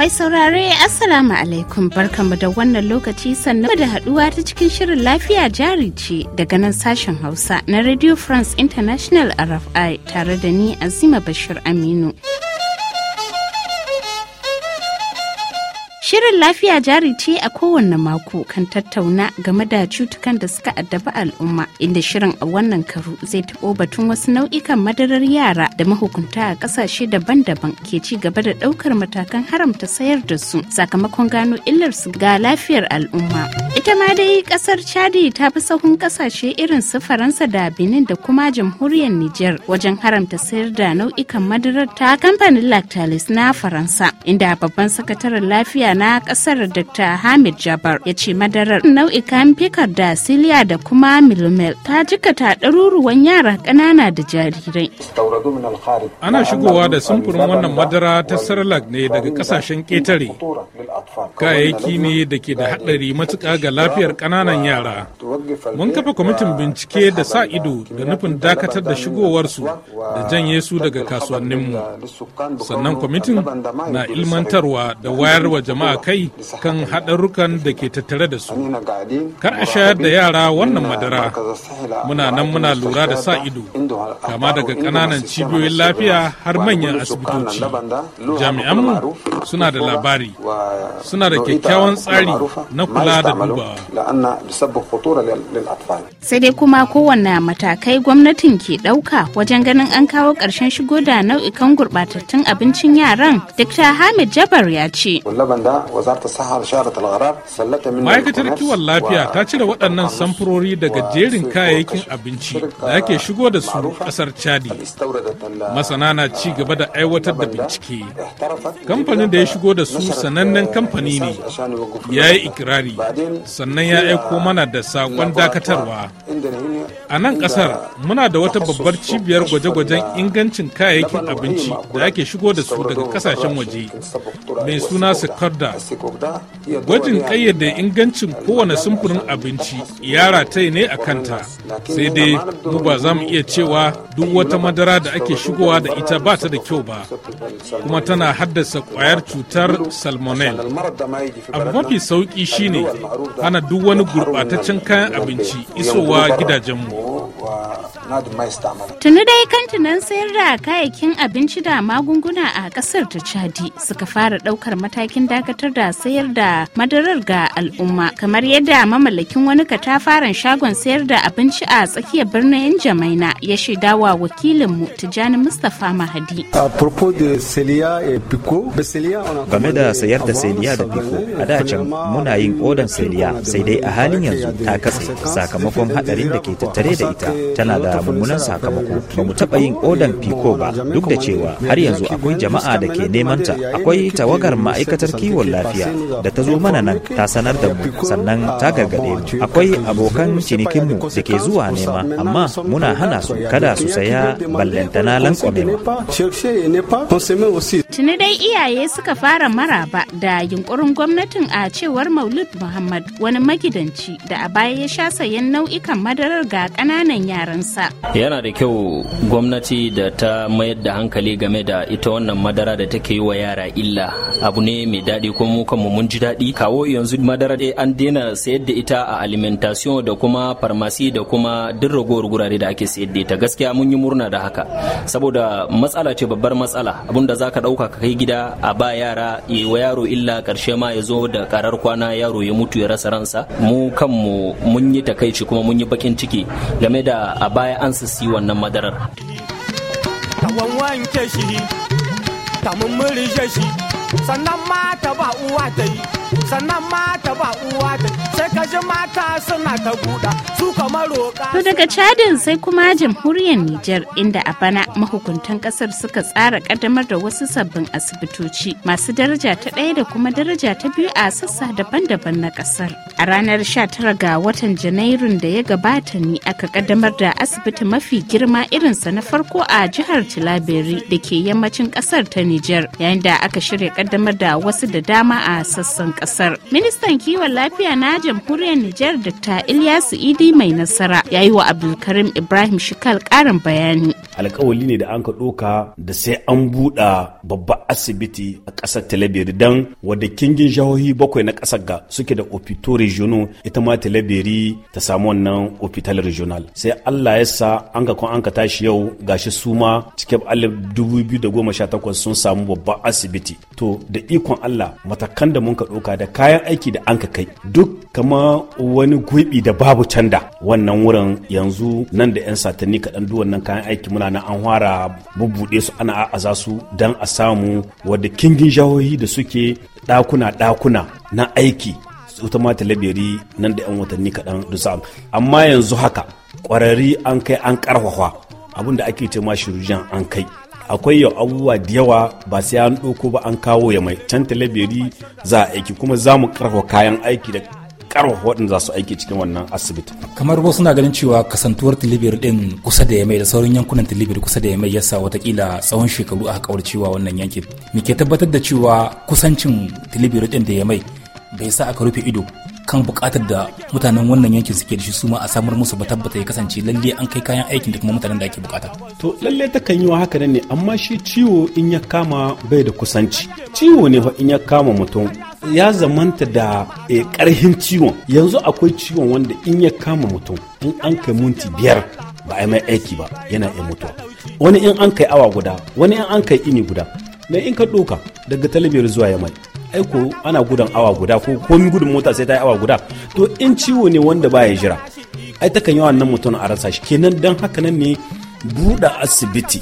Mai saurare Assalamu alaikum barkanmu da wannan lokaci sannan da haduwa ta cikin shirin lafiya jari ce daga nan sashen Hausa na Radio France International RFI tare da ni Azima Bashir Aminu. Shirin lafiya jari ce a kowanne mako kan tattauna game da cutukan da suka addabi al'umma inda shirin a wannan karu zai taɓo batun wasu nau'ikan madarar yara da mahukunta a ƙasashe daban-daban ke ci gaba da ɗaukar matakan haramta sayar da su sakamakon gano illar su ga lafiyar al'umma. Ita ma dai ƙasar Chadi ta fi sahun ƙasashe irin su Faransa da Benin da kuma jamhuriyar Nijar wajen haramta sayar da nau'ikan madarar ta kamfanin Lactalis na Faransa inda babban sakataren lafiya na kasar dr hamid jabar ya ce madarar nau'ikan fikar da siliya da kuma milimel ta jikata ɗaruruwan yara ƙanana da jarirai ana shigowa da samfurin wannan madara ta sarlak ne daga kasashen ƙetare kayayyaki ne da ke da haɗari matuƙa ga lafiyar ƙananan yara mun kafa kwamitin bincike da sa ido da nufin dakatar da shigowarsu da janye su daga kasuwanninmu sannan kwamitin na ilmantarwa da wayarwa jama'a a kai kan haɗarrukan da ke tattare da su kar a shayar da yara wannan madara muna nan muna lura da sa ido kama daga ƙananan cibiyoyin lafiya har manyan asibitoci jami'anmu suna da labari suna da kyakkyawan tsari na kula da dubawa sai dai kuma kowanne matakai gwamnatin ke ɗauka wajen ganin an kawo ƙarshen shigo da nau'ikan gurɓatattun abincin yaran dr hamid jabar ya ce wazarta sahar sharat al-gharar sallata min ma'aikatar kiwon lafiya ta cire waɗannan samfurori daga jerin kayayyakin abinci da ake shigo da su ƙasar chadi masana na ci gaba da aiwatar da bincike kamfanin da ya shigo da su sanannen kamfani ne ya yi ikirari sannan ya aiko mana da saƙon dakatarwa a nan ƙasar muna da wata babbar cibiyar gwaje-gwajen ingancin kayayyakin abinci da ake shigo da su daga ƙasashen waje mai suna sikar da gwajin ƙayyade ingancin kowane sumfurin abinci ya rataye ne a kanta sai dai mu ba za mu iya cewa duk wata madara da ake shigowa da ita ba ta da kyau ba kuma tana haddasa kwayar cutar salmonel abu mafi sauƙi shine hana duk wani gurɓataccen kayan abinci isowa gidajenmu Tuni dai kantinan sayar da kayayyakin abinci da magunguna a kasar ta Chadi suka fara daukar matakin dakatar da sayar da madarar ga al'umma kamar yadda mamallakin wani katafaren shagon sayar da abinci a tsakiyar birnin Jamaina ya shaidawa wakilinmu Tijjani Mustapha Mahadi. Game da sayar da seliya da Pico, a da can muna yin odan seliya sai dai a halin yanzu ta katse sakamakon hadarin da ke tattare da ita tana da mummunan sakamako ba mu taɓa yin odan fiko ba duk da cewa har yanzu akwai jama'a da ke neman ta akwai tawagar ma'aikatar kiwon lafiya da ta zo mana nan ta sanar da mu sannan ta gargaɗe mu akwai abokan cinikinmu da ke zuwa nema amma muna hana su kada su saya ballantana lankwame tuni dai iyaye suka fara maraba da yunkurin gwamnatin a cewar maulud muhammad wani magidanci da a baya ya sha sayan nau'ikan madarar ga ƙananan yaransa yana da kyau gwamnati da ta mayar da hankali game da ita wannan madara da take yi wa yara illa abu ne mai daɗi ko mu kanmu mun ji daɗi kawo yanzu madara dai an daina sayar da ita a alimentation da kuma farmasi da kuma duk ragowar gurare da ake sayar da ita gaskiya mun yi murna da haka saboda matsala ce babbar matsala abun da ka ɗauka ka kai gida a ba yara yi wa yaro illa karshe ma ya zo da karar kwana yaro ya mutu ya rasa ransa mu kanmu mun yi takaici kuma mun yi bakin ciki game da a baya an su si wannan madarar tawan wanke shi ta mummurje shi sannan ma ta ba uwa ta yi sannan mata ba uwa sai ka suna ta buɗa su roƙa. To daga cadin sai kuma jamhuriyar Nijar inda a bana mahukuntan kasar suka tsara kaddamar da wasu sabbin asibitoci masu daraja ta ɗaya da kuma daraja ta biyu a sassa daban-daban na kasar. A ranar 19 ga watan Janairun da ya gabata ne aka kaddamar da asibiti mafi girma irinsa na farko a jihar Tilaberi da ke yammacin kasar ta Nijar yayin da aka shirya kaddamar da wasu da dama a sassan kasar. kasar. Ministan kiwon lafiya na jamhuriyar Nijar Dr. Ilyasu Idi mai nasara ya yi wa Abdulkarim Ibrahim Shikal karin bayani. alkawali ne da an ka ɗoka da sai an buɗa babban asibiti a ƙasar talabiri don wadda kingin jihohi bakwai na ƙasar ga suke da opito regional ita ma talabiri ta samu wannan opital regional sai allah ya sa an ka an ka tashi yau gashi su ma cikin alif dubu biyu da goma sha takwas sun samu babban asibiti to da ikon allah matakan da mun ka ɗoka da kayan aiki da an ka kai duk kama wani gwiɓi da babu canda wannan wurin yanzu nan da 'yan satanni kaɗan duk wannan kayan aiki muna na an fara bubbuɗe su ana a su don a samu wadda kingin jahohi da suke ɗakuna ɗakuna na aiki ta mata labiri nan da 'yan watanni kaɗan dusa amma yanzu haka ƙwararri an kai an ƙarfafa abin da ake ce shirujan an kai akwai yau abubuwa da yawa ba sai an ɗauko ba an kawo ya mai can talabiri za a aiki kuma za mu ƙarfafa kayan aiki da ƙarfafa waɗanda za su aiki cikin wannan asibiti. kamar wasu na ganin cewa kasantuwar tilibir ɗin kusa da yamai da sauran yankunan tilibir kusa da yamai yasa watakila tsawon shekaru a kawar cewa wannan yankin me ke tabbatar da cewa kusancin tilibir ɗin da yamai bai sa aka rufe ido kan bukatar da mutanen wannan yankin suke da shi su ma a samar musu ba tabbata ya kasance lalle an kai kayan aikin da kuma mutanen da ake bukata To lalle kan yi wa haka nan ne amma shi ciwo in ya kama bai da kusanci. Ciwo ne fa in ya kama mutum ya zamanta da karhin e, ciwon yanzu akwai ciwon wanda in ya kama mutum in an kai minti biyar ba a mai aiki ba yana iya mutuwa wani in an kai awa guda wani in an kai ini guda na in ka ɗoka daga talabiyar zuwa ya mai aiko ana gudan awa guda ko komi gudun mota sai ta yi awa guda to in ciwo ne wanda ba ya jira ai takan yi wannan mutum a rasa shi kenan dan haka nan ne buɗe asibiti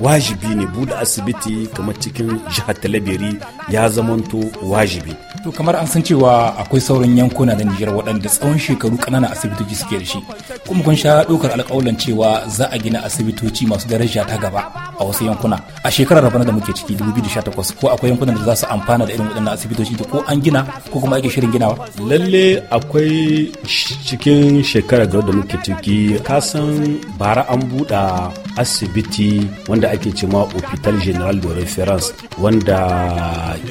wajibi ne buɗe asibiti kamar cikin jihar talabiri ya zamanto wajibi to kamar an san cewa akwai sauran yankuna da Nijar waɗanda tsawon shekaru ƙananan asibitoci suke da shi kuma kun sha ɗaukar alƙawalan cewa za a gina asibitoci masu daraja ta gaba a wasu yankuna a shekarar rabana da muke ciki 2018 ko akwai yankunan da za su amfana da irin waɗannan asibitoci da ko an gina ko kuma ake shirin ginawa lalle akwai cikin shekarar da muke ciki kasan bara an buɗa asibiti wanda ake ce ma hospital general de reference wanda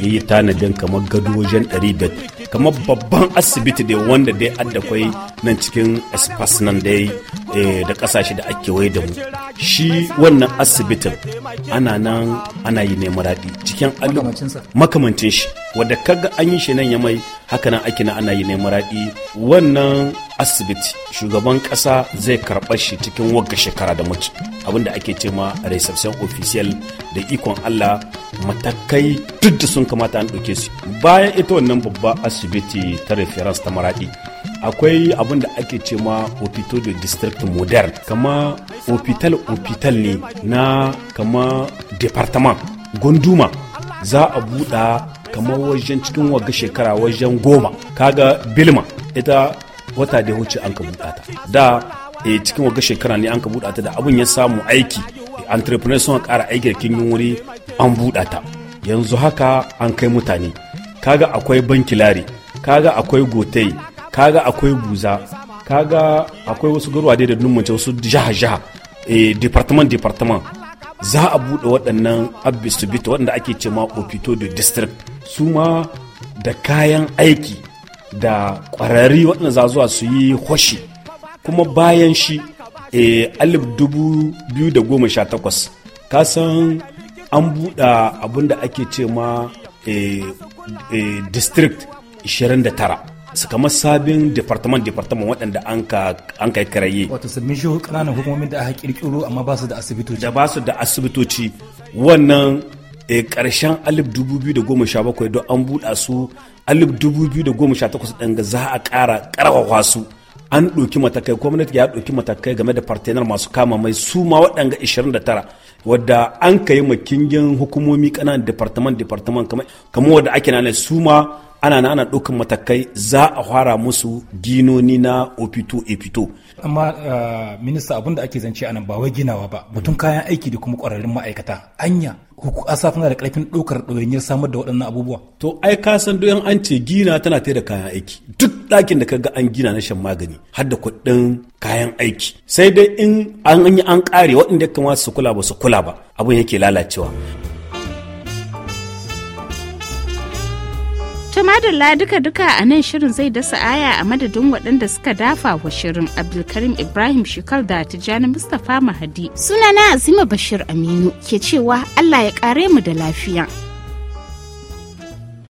ya yi tanadin kamar gado wajen 100 kamar babban asibiti da wanda dai adda kwai nan cikin espas nan dai eh, da kasashe da ake waye da mu shi wannan asibitin ana nan ana yi ne maradi cikin makamancin shi wadda kaga an yi shi nan ya mai hakanan ake na ana yi ne maradi wannan asibiti shugaban kasa zai karɓa shi cikin wagga shekara da mutu abinda ake ce ma reception official da ikon Allah matakai duk da sun kamata an ɗauke su bayan ita wannan babba asibiti ta reference ta maraɗi akwai abin da ake ce ma hospital de district modern kama hospital hospital ne na kama departement gonduma za a buɗa kama wajen cikin wagga shekara wajen goma kaga bilma ita wata da wuce an ka buɗa da e, cikin wagga shekara ne an ka buɗa ta da abin ya samu aiki eh, entrepreneur sun kara aiki da wuri an buɗa ta yanzu haka an kai mutane kaga akwai bankilari kaga akwai gotai kaga akwai buza kaga akwai wasu garuwa da numance wasu jaha jaha e, eh, department department za a buɗe waɗannan abisubita waɗanda ake cema ofito opito de district su ma da kayan aiki da ƙwararri waɗanda za zuwa su yi hoshi kuma bayan shi e, alif dubu biyu da goma sha takwas ka san an buɗa abinda da ake ce ma e, e, district 29 su kama sabin departement departament waɗanda an kai karaye wato sabbin shi ƙananan hukumomin da aka kirkiro amma ba su da asibitoci da ba su da asibitoci wannan karshen eh, alif dubu biyu da goma sha bakwai don an buɗa su alif dubu biyu da goma sha 2018 ɗin za a ƙara ƙarfafa su an ɗauki matakai gwamnati ya ɗauki matakai game da partenar masu kama mai su ma waɗanga 29 wadda an kai makingin hukumomi ƙananan departament departament kamar wadda ake nana su ma ana na ana ɗaukan matakai za a fara musu ginoni na opito epito amma eh, minista abin da ake zance anan ba wai ginawa ba mutum kayan aiki da kuma ƙwararrun ma'aikata anya ƙasa tana da karfin ɗaukar ɗawainiyar samar da waɗannan abubuwa. To ai ka san doyan an ce gina tana tai da kayan aiki duk ɗakin da ka ga an gina na shan magani har da kuɗin kayan aiki sai dai in an yi an ƙare waɗanda ya kamata su kula ba su kula ba abin yake lalacewa. To madalla duka-duka a nan shirin zai dasa aya a madadin waɗanda suka dafa wa shirin Abdulkarim Ibrahim Shikal da Tijjani Mustapha Mahadi. Sunana Azima Bashir Aminu ke cewa Allah ya ƙare mu da lafiya.